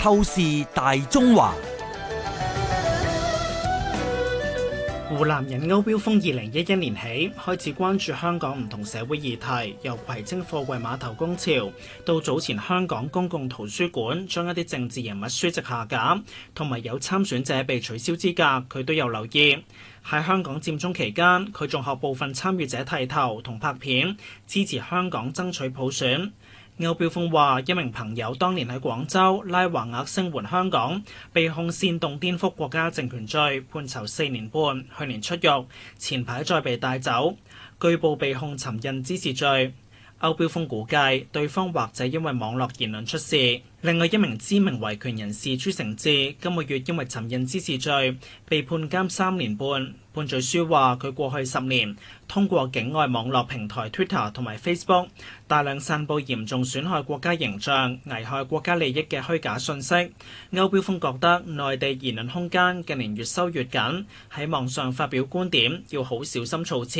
透視大中華，湖南人歐標峰，二零一一年起開始關注香港唔同社會議題，由葵青貨櫃碼頭工潮，到早前香港公共圖書館將一啲政治人物書籍下架，同埋有參選者被取消資格，佢都有留意。喺香港佔中期間，佢仲學部分參與者剃頭同拍片，支持香港爭取普選。歐標峰話：一名朋友當年喺廣州拉橫額聲援香港，被控煽動顛覆國家政權罪，判囚四年半，去年出獄，前排再被帶走，據報被控尋釁滋事罪。歐彪峰估計，對方或者因為網絡言論出事。另外一名知名維權人士朱成志，今個月因為尋釁滋事罪被判監三年半。判罪書話，佢過去十年通過境外網絡平台 Twitter 同埋 Facebook 大量散佈嚴重損害國家形象、危害國家利益嘅虛假信息。歐彪峰覺得，內地言論空間近年越收越緊，喺網上發表觀點要好小心措辭。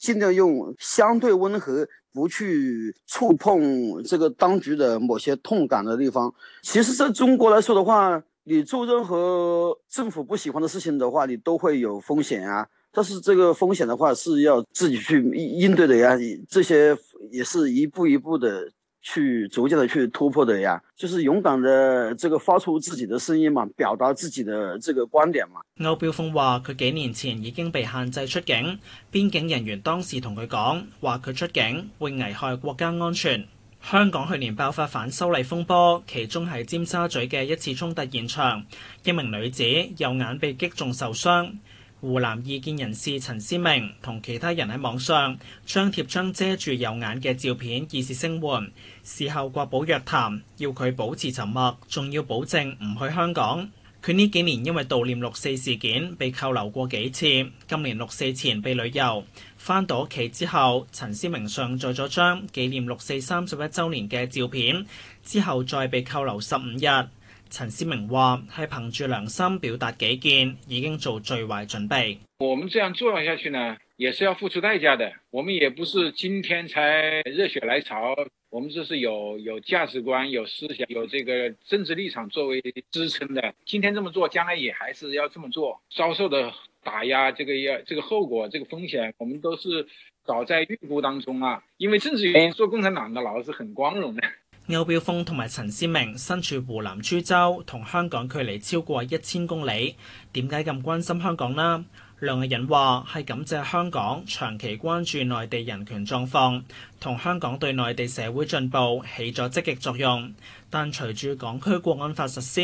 盡量用相對溫和，不去觸碰這個當局的某些痛感的地方。其實，在中國來說的話，你做任何政府不喜歡的事情的話，你都會有風險啊。但是，這個風險的話是要自己去應對的呀。這些也是一步一步的。去逐漸的去突破的呀，就是勇敢的這個發出自己的聲音嘛，表達自己的這個觀點嘛。歐標峰話佢幾年前已經被限制出境，邊境人員當時同佢講，話佢出境會危害國家安全。香港去年爆發反修例風波，其中係尖沙咀嘅一次衝突現場，一名女子右眼被擊中受傷。湖南意見人士陳思明同其他人喺網上張貼張遮住右眼嘅照片以示聲援，事後國保約談，要佢保持沉默，仲要保證唔去香港。佢呢幾年因為悼念六四事件被扣留過幾次，今年六四前被旅遊，返到屋企之後，陳思明上載咗張紀念六四三十一週年嘅照片，之後再被扣留十五日。陳思明話：係憑住良心表達己見，已經做最壞準備。我們這樣做下去呢，也是要付出代價的。我們也不是今天才熱血來潮，我們這是有有價值觀、有思想、有這個政治立場作為支撐的。今天這麼做，將來也還是要這麼做。遭受的打壓，這個要這個後果、這個風險，我們都是早在預估當中啊。因為政治原因，坐共產黨的牢是很光榮的。歐標峰同埋陳思明身處湖南株洲，同香港距離超過一千公里。點解咁關心香港呢？兩人話係感謝香港長期關注內地人權狀況，同香港對內地社會進步起咗積極作用。但隨住港區國安法實施，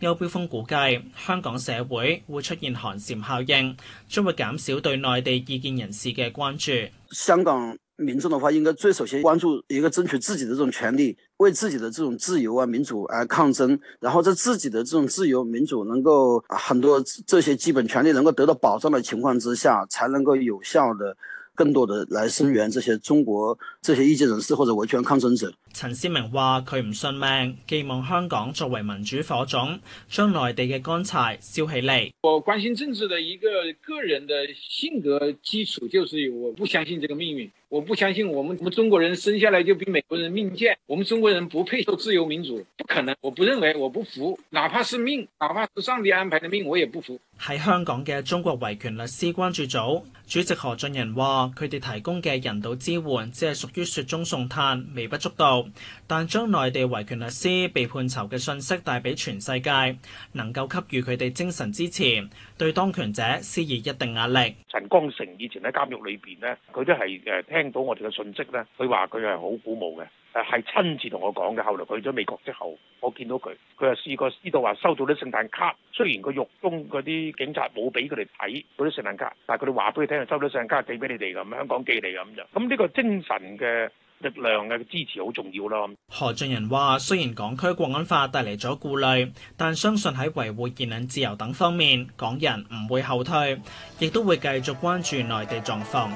歐彪峰估計香港社會會出現寒蟬效應，將會減少對內地異見人士嘅關注。香港。民眾的話，應該最首先關注一個爭取自己的這種權利，為自己的這種自由啊、民主而、啊、抗爭。然後在自己的這種自由、民主能夠很多這些基本權利能夠得到保障的情況之下，才能夠有效的、更多的來聲援這些中國這些異見人士或者維權抗爭者。陳思明話：佢唔信命，寄望香港作為民主火種，將內地嘅乾柴燒起嚟。我關心政治的一個個人的性格基礎，就是我不相信這個命運。我不相信我們我們中國人生下來就比美國人命賤，我們中國人不配受自由民主，不可能。我不認為，我不服，哪怕是命，哪怕是上帝安排的命，我也不服。喺香港嘅中國維權律師關注組主席何俊仁話，佢哋提供嘅人道支援只係屬於雪中送炭，微不足道，但將內地維權律師被判囚嘅訊息帶俾全世界，能夠給予佢哋精神支持，對當權者施以一定壓力。陳光誠以前喺監獄裏邊咧，佢都係誒聽。聽到我哋嘅訊息咧，佢話佢係好鼓舞嘅，係親自同我講嘅。後嚟去咗美國之後，我見到佢，佢又試過知道話收到啲聖誕卡。雖然個獄中嗰啲警察冇俾佢哋睇嗰啲聖誕卡，但係佢哋話俾佢聽，收到聖誕卡，寄俾你哋咁，香港寄嚟咁樣。咁呢個精神嘅力量嘅支持好重要咯。何俊仁話：雖然港區國安法帶嚟咗顧慮，但相信喺維護言論自由等方面，港人唔會後退，亦都會繼續關注內地狀況。